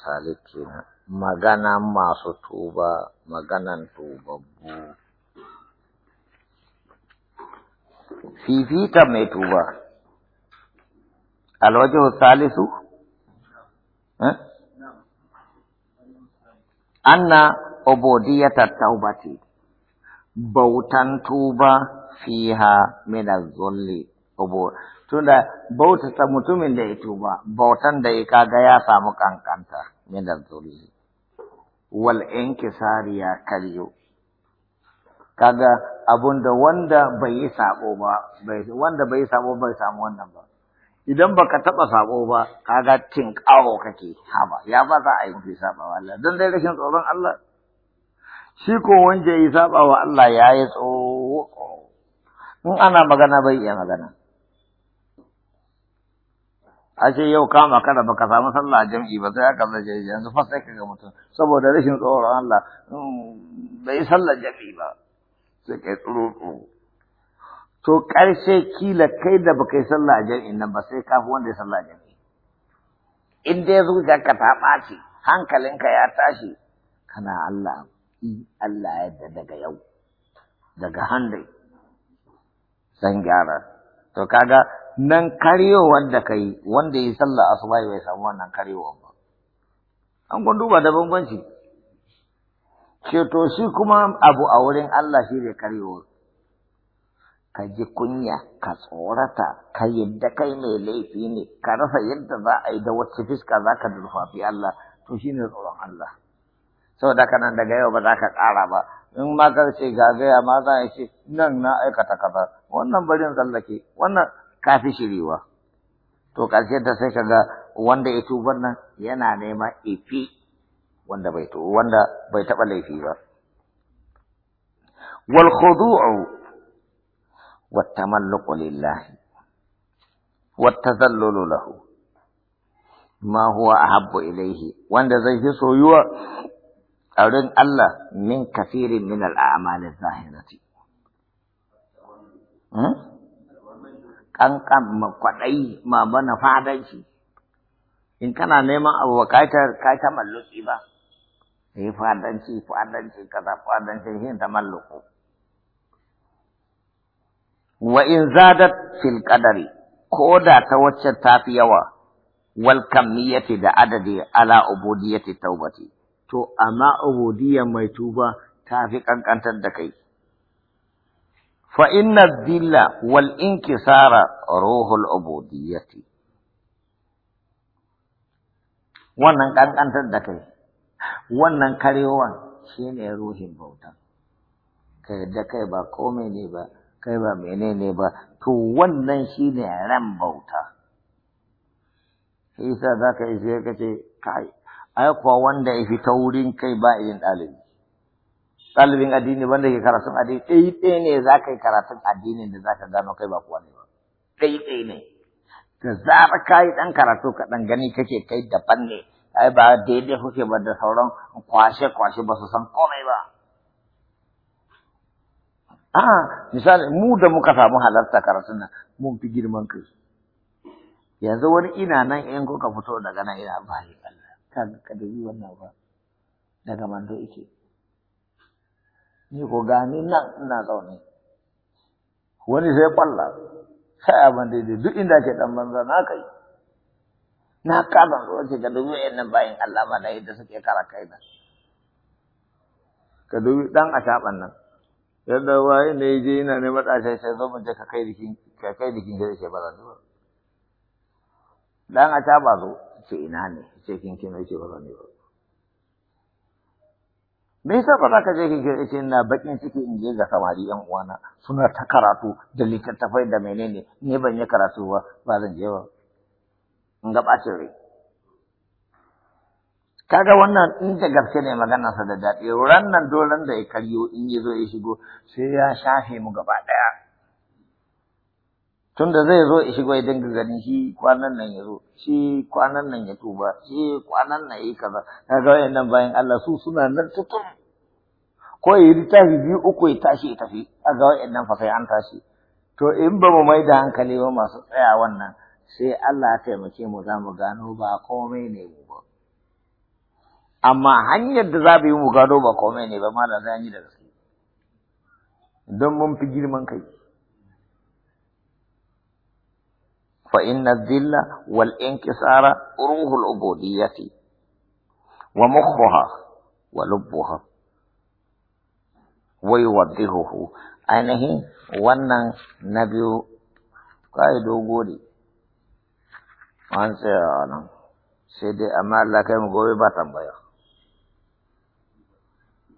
salikina magana masu tuba maganan tubabbu fifita mai tuba alwajahu salisu eh? anna obodiya taubati bautan tuba fiha min tunda bautata mutumin da ya tuba bautan da ya kaga ya samu kankanta min zulmi wal inkisari ya karyo kaga abun da wanda bai yi sabo ba wanda bai yi sabo bai samu wannan ba idan baka taba sabo ba kaga kawo kake haba ya ba za a yi mafi saba wa Allah don dai rashin tsoron Allah shi ko wanda ya yi saba wa Allah ya yi tsoro in ana magana bai iya magana A ce yau kama kada baka samu sallah a jam'i ba sai aka zaje yanzu fa sai kaga mutum saboda rashin tsoron Allah mm, bai sallah jam'i ba sai kai tsoro to karshe kila kai da baka yi sallah a jam'i nan ba sai ka fi wanda ya sallah a jam'i in dai ka ta ɓaci hankalinka ya tashi kana Allah in Allah yadda daga yau daga hande zan gyara To kaga nan karyowar da kai wanda ya sallah asuba bai samu wannan karyowar ba. An kun duba da bambanci. Ceto shi kuma abu a wurin Allah shi ne karyowar. Ka ji kunya, ka tsorata, ka yadda kai mai laifi ne, ka rasa yadda za a yi da wacce fiska za ka durfafi Allah, to shi ne tsoron Allah. Saboda nan daga yau ba za ka ƙara ba, in ma ka ce gaya ma za a ce nan na aikata kaza wannan barin tsallake wannan kafi shirewa to ƙarshe ta sai kaga wanda ya tubar nan yana nema ifi wanda bai to wanda bai taɓa laifi ba wal khudu'u wat tamalluqu lillahi wat tazallulu lahu ma huwa ahabbu ilayhi wanda zai fi soyuwa أولين الله من كثير من الأعمال الظاهرة كان كان مقطعي ما بنا فعدنشي إن كان نيما أو كايتا كايتا ملوك إبا هي فعدنشي فعدنشي كذا فعدنشي هي تملوك وإن زادت في القدر كودا توجه يوا والكمية دا عدد على عبودية التوبة to amma ubudiyyar mai tuba ta fi kankantar da kai. Fa inna dilla wal inkisara ruhul ubudiyyati. Wannan kankantar da kai, wannan karewan shine ruhin bauta. Ka da kai ba komai ne ba, kai ba menene ba, to wannan shine ran bauta. Isa za ka yi sai ka ce, kai, ai wanda ya fita wurin kai ba yin ɗalibi ɗalibin addini wanda ke karatun addini ɗai ɗai ne za ka yi karatun addinin da za ka gano kai ba kuwa ne ba ɗai ɗai ne da zaɓa ka yi ɗan karatu kaɗan gani kake kai daban ne ai ba daidai kuke ba da sauran kwashe-kwashe ba su san komai ba a ah, misali mu da muka samu halarta karatun nan mun fi girman kai yanzu wani ina nan in kuka fito daga nan ina bayi ta ka dubi wannan ba daga mando ike ni ko gani nan ina zaune wani sai kwalla sai abin daidai duk inda ke dan banza na kai na kama ko ce ka dubi wayannan bayan Allah ma da yadda suke kara kai nan ka dubi dan shaban nan yadda waye ne je yana ne ashe sai zo mu je ka kai dikin ka kai dikin gare shi ba zan ba dan a ta ba zo ce ina ne ce kin ce ba zan yi ba me yasa ba ka je kin ce ina bakin ciki in je ga samari yan uwana suna ta karatu da littattafai da menene ne ban yi karatu ba ba zan je ba in ga bacin rai kaga wannan in da gaske ne sa da daɗi ran nan doron da ya karyo in ya zo ya shigo sai ya shafe mu gaba ɗaya tunda zai zo ya shigo ya dinga ganin shi kwanan nan ya zo shi kwanan nan ya tuba shi kwanan nan yi kaza kaga wayannan bayan Allah su suna nan tutum ko ya yi tafi biyu uku ya tashi ya tafi kaga wayannan fa sai an tashi to in ba mu mai da hankali ba masu tsaya wannan sai Allah ya taimake mu za mu gano ba komai ne mu ba amma hanyar da za mu yi mu gano ba komai ne ba malam zan yi da gaske don mun fi girman kai فإن الذل والانكسار أروه العبودية ومخها ولبها ويوضحه أنه ونن نبي قائد وقولي وانسى أنا سيدي أمال لكم قوي باتم بيا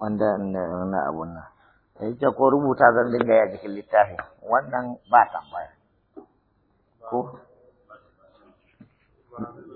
أنا نعبونا إيجا قربو تاغن لنجا يجيك اللي تاهي أنا باتم بيا ko